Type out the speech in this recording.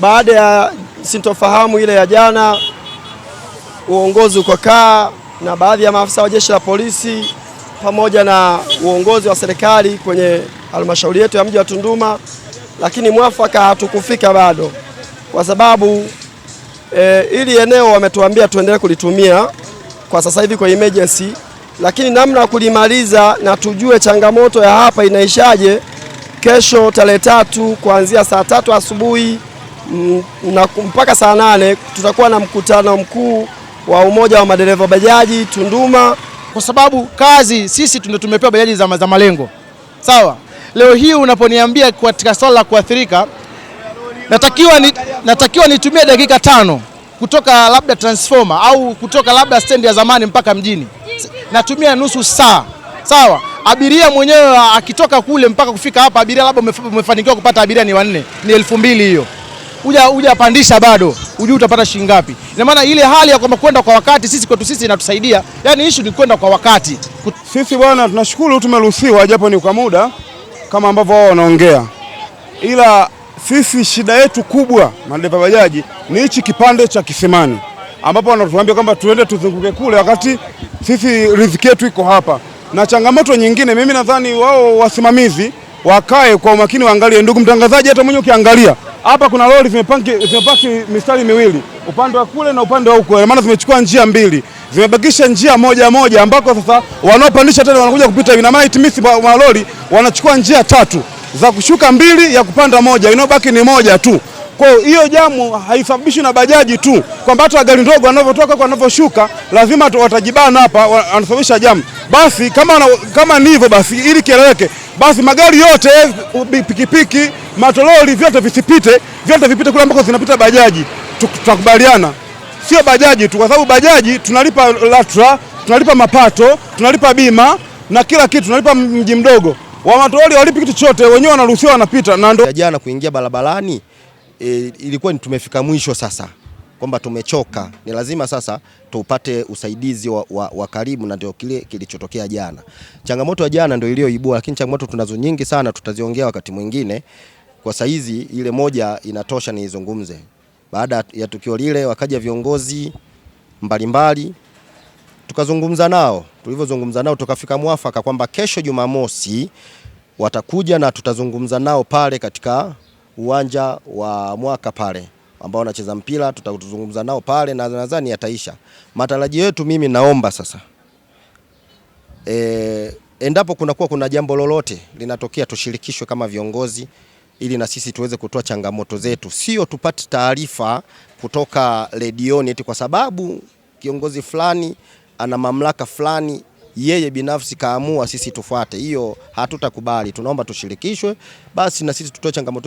baada ya sintofahamu ile ya jana, uongozi ukakaa na baadhi ya maafisa wa jeshi la polisi pamoja na uongozi wa serikali kwenye halmashauri yetu ya mji wa Tunduma, lakini mwafaka hatukufika bado kwa sababu e, ili eneo wametuambia tuendelee kulitumia kwa sasa hivi kwa emergency, lakini namna ya kulimaliza na tujue changamoto ya hapa inaishaje, kesho tarehe tatu kuanzia saa tatu asubuhi Mm, na mpaka saa nane tutakuwa na mkutano mkuu wa umoja wa madereva bajaji Tunduma, kwa sababu kazi sisi ndio tumepewa bajaji za, za malengo sawa. Leo hii unaponiambia katika swala la kuathirika, natakiwa, ni, natakiwa nitumie dakika tano kutoka labda transformer au kutoka labda stendi ya zamani mpaka mjini, natumia nusu saa sawa. Abiria mwenyewe akitoka kule mpaka kufika hapa, abiria labda umefanikiwa kupata abiria ni wanne, ni elfu mbili hiyo hujapandisha bado, hujui utapata shilingi ngapi. Ina maana ile hali ya kwamba kwenda kwa wakati, sisi kwetu sisi inatusaidia, yaani issue ni kwenda kwa wakati. Sisi bwana, tunashukuru tumeruhusiwa, japo ni kwa muda kama ambavyo wao wanaongea, ila sisi shida yetu kubwa madereva bajaji ni hichi kipande cha Kisimani, ambapo wanatuambia kwamba tuende tuzunguke kule, wakati sisi riziki yetu iko hapa. Na changamoto nyingine, mimi nadhani wao wasimamizi wakae kwa umakini, waangalie. Ndugu mtangazaji, hata mwenye ukiangalia hapa kuna lori zimepaki mistari miwili upande wa kule na upande wa huko, maana zimechukua njia mbili, zimebakisha njia moja moja, ambako sasa wanaopandisha tena wanakuja kupita hivi, na maana itimisi wa lori wanachukua njia tatu za kushuka mbili ya kupanda moja, inayobaki ni moja tu. Kwa hiyo hiyo jambo haisababishwi na bajaji tu, kwamba hata gari ndogo wanavyotoka huko wanavyoshuka lazima watajibana hapa, wanasababisha jamu. Basi kama, kama ni hivyo basi, ili kieleweke basi magari yote pikipiki, matolori, vyote visipite, vyote vipite kule ambako zinapita bajaji. Tutakubaliana sio bajaji tu, kwa sababu bajaji tunalipa LATRA, tunalipa mapato, tunalipa bima na kila kitu, tunalipa mji mdogo. Wa matolori walipi kitu chote, wenyewe wanaruhusiwa wanapita na ndio jana kuingia barabarani e, ilikuwa ni tumefika mwisho sasa kwamba tumechoka, ni lazima sasa tupate usaidizi wa, wa, wa karibu, na ndio kile kilichotokea jana. Changamoto ya jana ndio iliyoibua, lakini changamoto tunazo nyingi sana, tutaziongea wakati mwingine. Kwa saizi ile moja inatosha niizungumze. Baada ya tukio lile, wakaja viongozi mbalimbali, tukazungumza nao. Tulivyozungumza nao, tukafika mwafaka kwamba kesho Jumamosi watakuja na tutazungumza nao pale katika uwanja wa mwaka pale ambao wanacheza mpira, tutazungumza nao pale na nadhani yataisha. Matarajio yetu, mimi naomba sasa e, endapo kunakuwa kuna jambo lolote linatokea tushirikishwe kama viongozi, ili na sisi tuweze kutoa changamoto zetu, sio tupate taarifa kutoka redioni eti kwa sababu kiongozi fulani ana mamlaka fulani yeye binafsi kaamua sisi tufuate. Hiyo hatutakubali, tunaomba tushirikishwe basi na sisi tutoe changamoto.